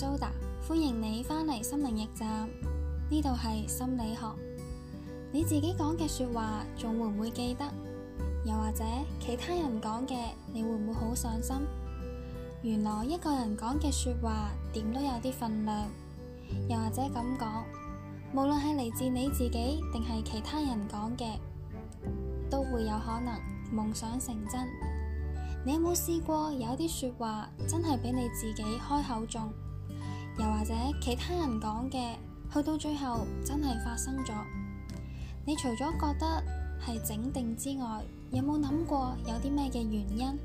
蘇達，歡迎你翻嚟心靈驛站，呢度係心理學。你自己講嘅說話仲會唔會記得？又或者其他人講嘅，你會唔會好上心？原來一個人講嘅說話點都有啲份量。又或者咁講，無論係嚟自你自己定係其他人講嘅，都會有可能夢想成真。你有冇試過有啲說話真係俾你自己開口中？又或者其他人講嘅，去到最後真係發生咗。你除咗覺得係整定之外，有冇諗過有啲咩嘅原因？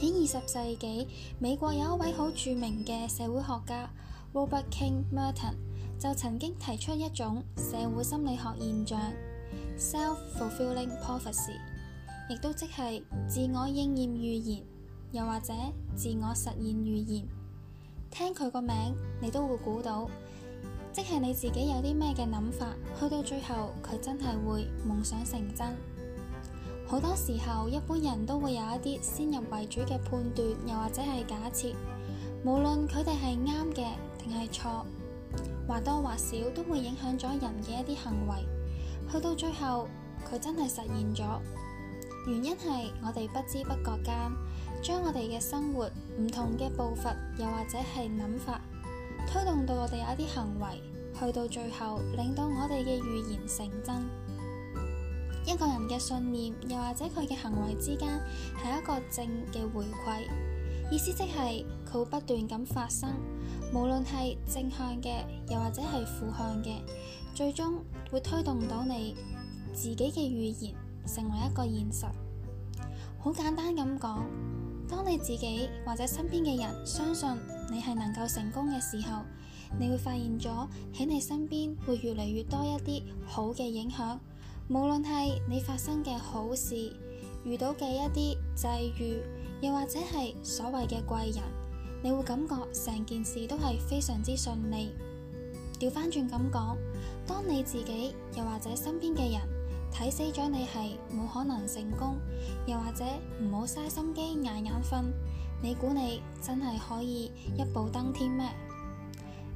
喺二十世紀，美國有一位好著名嘅社會學家 Robert King Merton 就曾經提出一種社會心理學現象，Self-Fulfilling Prophecy，亦都即係自我應驗預言，又或者自我實現預言。聽佢個名，你都會估到，即係你自己有啲咩嘅諗法，去到最後佢真係會夢想成真。好多時候，一般人都會有一啲先入為主嘅判斷，又或者係假設，無論佢哋係啱嘅定係錯，或多或少都會影響咗人嘅一啲行為。去到最後，佢真係實現咗，原因係我哋不知不覺間，將我哋嘅生活唔同嘅步伐，又或者係諗法，推動到我哋有一啲行為，去到最後令到我哋嘅預言成真。一個人嘅信念，又或者佢嘅行為之間係一個正嘅回饋，意思即係佢會不斷咁發生，無論係正向嘅，又或者係負向嘅，最終會推動到你自己嘅預言成為一個現實。好簡單咁講。當你自己或者身邊嘅人相信你係能夠成功嘅時候，你會發現咗喺你身邊會越嚟越多一啲好嘅影響。無論係你發生嘅好事，遇到嘅一啲際遇，又或者係所謂嘅貴人，你會感覺成件事都係非常之順利。調返轉咁講，當你自己又或者身邊嘅人。睇死咗你係冇可能成功，又或者唔好嘥心機捱眼瞓。你估你真係可以一步登天咩？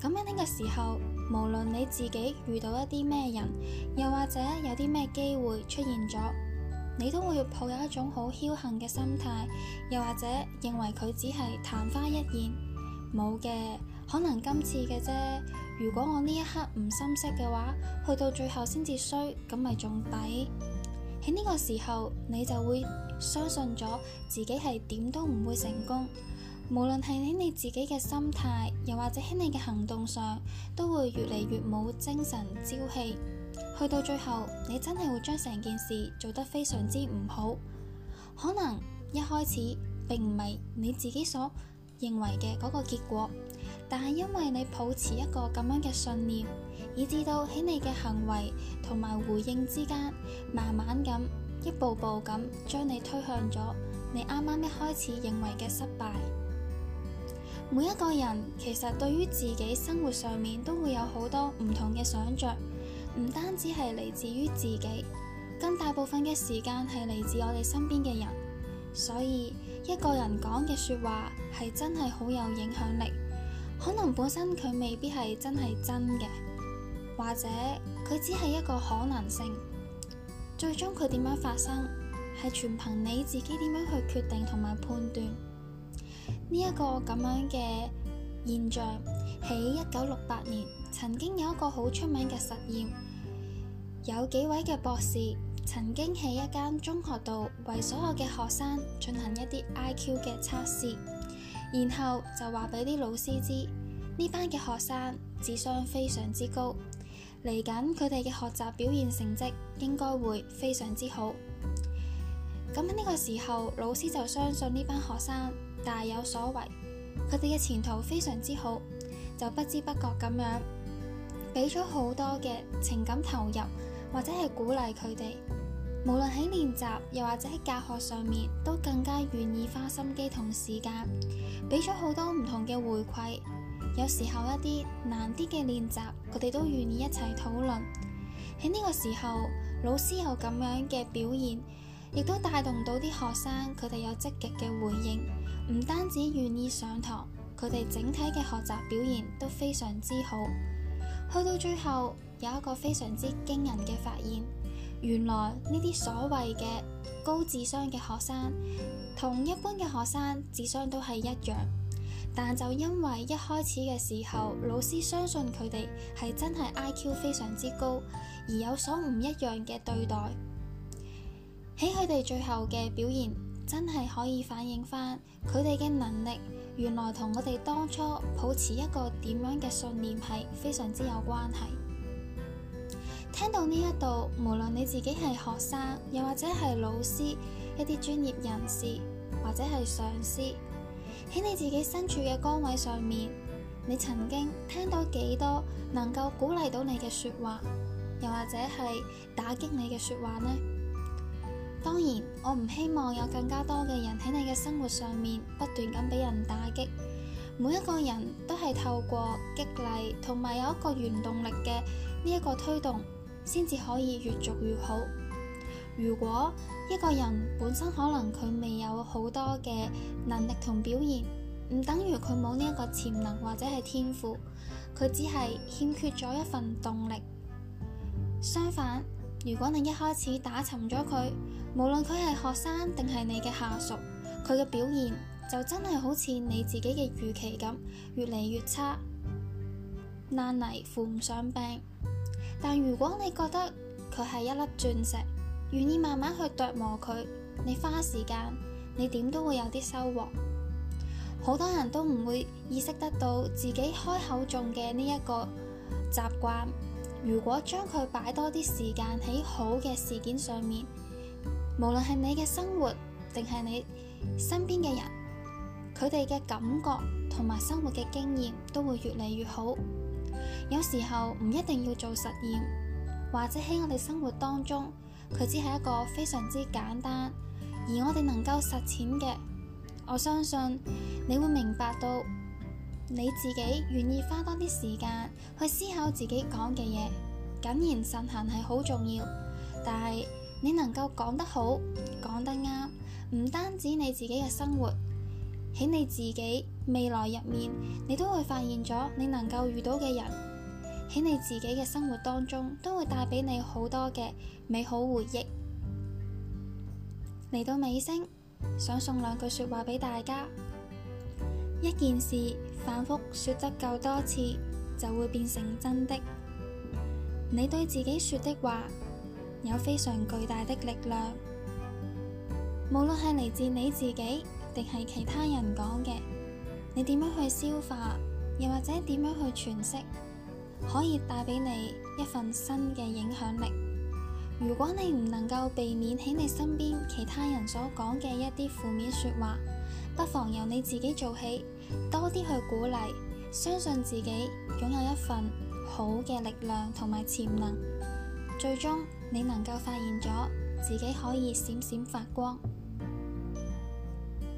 咁樣呢個時候，無論你自己遇到一啲咩人，又或者有啲咩機會出現咗，你都會抱有一種好僥倖嘅心態，又或者認為佢只係曇花一現，冇嘅。可能今次嘅啫。如果我呢一刻唔心息嘅話，去到最後先至衰，咁咪仲抵。喺呢個時候，你就會相信咗自己係點都唔會成功。無論係喺你自己嘅心態，又或者喺你嘅行動上，都會越嚟越冇精神朝氣。去到最後，你真係會將成件事做得非常之唔好。可能一開始並唔係你自己所認為嘅嗰個結果。但係，因為你抱持一個咁樣嘅信念，以至到喺你嘅行為同埋回應之間，慢慢咁一步步咁將你推向咗你啱啱一開始認為嘅失敗。每一個人其實對於自己生活上面都會有好多唔同嘅想象，唔單止係嚟自於自己，更大部分嘅時間係嚟自我哋身邊嘅人。所以一個人講嘅說話係真係好有影響力。可能本身佢未必係真係真嘅，或者佢只係一個可能性。最終佢點樣發生，係全憑你自己點樣去決定同埋判斷呢一個咁樣嘅現象。喺一九六八年，曾經有一個好出名嘅實驗，有幾位嘅博士曾經喺一間中學度為所有嘅學生進行一啲 IQ 嘅測試。然後就話俾啲老師知，呢班嘅學生智商非常之高，嚟緊佢哋嘅學習表現成績應該會非常之好。咁喺呢個時候，老師就相信呢班學生大有所為，佢哋嘅前途非常之好，就不知不覺咁樣俾咗好多嘅情感投入，或者係鼓勵佢哋。無論喺練習又或者喺教學上面，都更加願意花心機同時間，俾咗好多唔同嘅回饋。有時候一啲難啲嘅練習，佢哋都願意一齊討論。喺呢個時候，老師有咁樣嘅表現，亦都帶動到啲學生，佢哋有積極嘅回應。唔單止願意上堂，佢哋整體嘅學習表現都非常之好。去到最後，有一個非常之驚人嘅發現。原來呢啲所謂嘅高智商嘅學生，同一般嘅學生智商都係一樣，但就因為一開始嘅時候，老師相信佢哋係真係 IQ 非常之高，而有所唔一樣嘅對待。喺佢哋最後嘅表現，真係可以反映翻佢哋嘅能力，原來同我哋當初抱持一個點樣嘅信念係非常之有關係。聽到呢一度，無論你自己係學生，又或者係老師，一啲專業人士，或者係上司，喺你自己身處嘅崗位上面，你曾經聽到幾多能夠鼓勵到你嘅說話，又或者係打擊你嘅說話呢？當然，我唔希望有更加多嘅人喺你嘅生活上面不斷咁俾人打擊。每一個人都係透過激勵，同埋有一個原動力嘅呢一個推動，先至可以越做越好。如果一個人本身可能佢未有好多嘅能力同表現，唔等於佢冇呢一個潛能或者係天賦，佢只係欠缺咗一份動力。相反，如果你一開始打沉咗佢，無論佢係學生定係你嘅下屬，佢嘅表現就真係好似你自己嘅預期咁，越嚟越差，爛泥扶唔上壁。但如果你覺得佢係一粒鑽石，願意慢慢去琢磨佢，你花時間，你點都會有啲收穫。好多人都唔會意識得到自己開口中嘅呢一個習慣。如果將佢擺多啲時間喺好嘅事件上面，無論係你嘅生活定係你身邊嘅人，佢哋嘅感覺同埋生活嘅經驗都會越嚟越好。有時候唔一定要做實驗，或者喺我哋生活當中，佢只係一個非常之簡單而我哋能夠實踐嘅。我相信你會明白到你自己願意花多啲時間去思考自己講嘅嘢，謹言慎行係好重要。但係你能夠講得好、講得啱，唔單止你自己嘅生活，喺你自己。未來入面，你都會發現咗，你能夠遇到嘅人喺你自己嘅生活當中，都會帶俾你好多嘅美好回憶。嚟到尾聲，想送兩句說話俾大家：一件事反覆說得夠多次，就會變成真的。你對自己說的話有非常巨大的力量，無論係嚟自你自己定係其他人講嘅。你點樣去消化，又或者點樣去詮釋，可以帶俾你一份新嘅影響力。如果你唔能夠避免喺你身邊其他人所講嘅一啲負面說話，不妨由你自己做起，多啲去鼓勵，相信自己擁有一份好嘅力量同埋潛能。最終，你能夠發現咗自己可以閃閃發光。